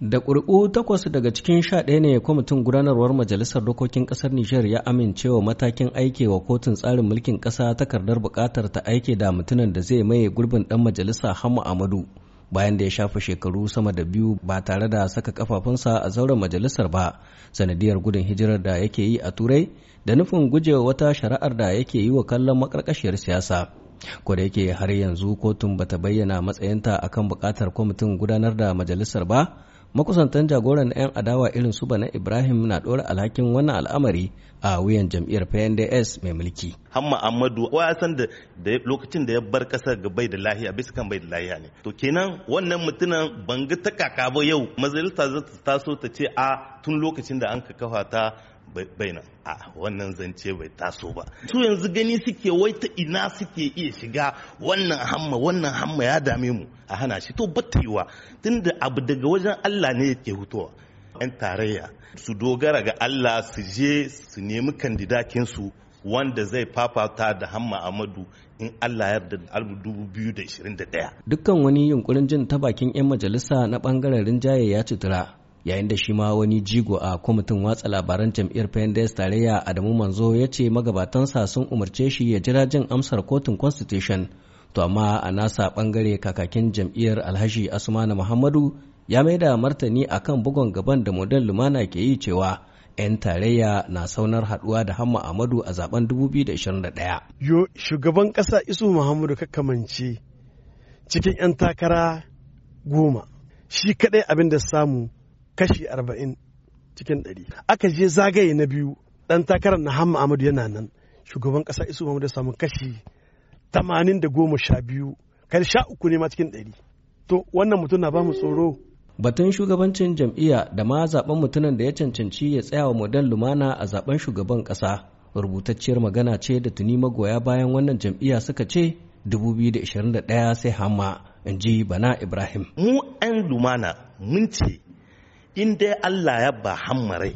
Da ƙuri'u takwas daga cikin sha ɗaya ne kwamitin gudanarwar Majalisar Dokokin Ƙasar Nijar ya amincewa matakin aike wa kotun tsarin mulkin ƙasa takardar buƙatar ta aike da mutumin da zai maye gurbin ɗan majalisa Hamma Amadu bayan da ya shafa shekaru sama da biyu ba tare da saka kafafunsa a zauren majalisar ba sanadiyar gudun hijirar da yake yi a Turai da nufin gujewa wata shari'ar da yake yi wa kallon makarkashiyar siyasa. ko da yake har yanzu kotun bata bayyana matsayinta akan buƙatar kwamitin gudanar da majalisar ba makusantan jagoran 'yan adawa irin su bana ibrahim na ɗora alhakin wannan al'amari a wuyan jam'iyyar pnds mai mulki hamma amadu ya san da lokacin da ya bar kasar ga bai da lahiya bai kan bai da lahiya ne to kenan wannan mutumin ga ta kaka ba yau majalisa ta taso ta ce a tun lokacin da an ka kafa ta baina a wannan zance bai taso ba su yanzu gani suke wai ta ina suke iya shiga wannan hamma wannan hamma ya dame mu a hana shi to bata yiwa tunda abu daga wajen Allah ne yake hutowa yan tarayya su dogara ga Allah su je su nemi kandidakin su wanda zai fafata da hamma amadu in Allah yarda da 2021 dukkan wani yunkurin jin ta bakin yan majalisa na bangaren rinjaye ya citira yayin da shi ma wani jigo a kwamitin watsa labaran jam'iyyar pendes tarayya adamu manzo ya ce magabatansa sun umarce shi ya jira jin amsar kotun constitution to amma a nasa bangare kakakin jam'iyyar alhaji asmana muhammadu ya mai da martani kan bugon gaban da model lumana ke yi cewa 'yan tarayya na saunar haɗuwa da hamma amadu a zaben 2021 yo shugaban ƙasa isu muhammadu kakamance cikin 'yan takara goma shi kaɗai abin da samu kashi arba'in cikin ɗari aka je zagaye na biyu ɗan takarar na hamma amadu yana nan shugaban kasa isu mamadu ya samu kashi tamanin da goma sha biyu kai uku ne ma cikin ɗari to wannan mutum na bamu tsoro batun shugabancin jam'iyya da ma zaben mutumin da ya cancanci ya tsaya wa modan lumana a zaben shugaban kasa rubutacciyar magana ce da tuni magoya bayan wannan jam'iyya suka ce 2021 sai hama in ji bana ibrahim mu 'yan lumana mun ce in dai Allah ya ba hammare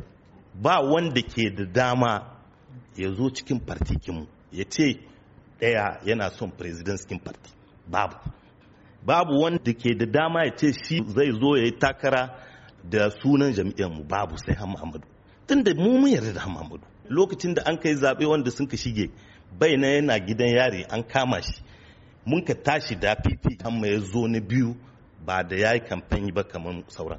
ba wanda ke da dama ya zo cikin partikinmu ya ce ɗaya yana son president's kin party babu babu wanda ke da dama ya ce shi zai zo ya yi takara da sunan mu babu sai tun tun mu mun yarda da ham'amadu. lokacin da an kai zaɓe wanda sun ka shige bai na yana gidan yari an kama shi mun ka tashi da fifi amma ya zo na biyu ba da ya yi kamfani ba kamar sauran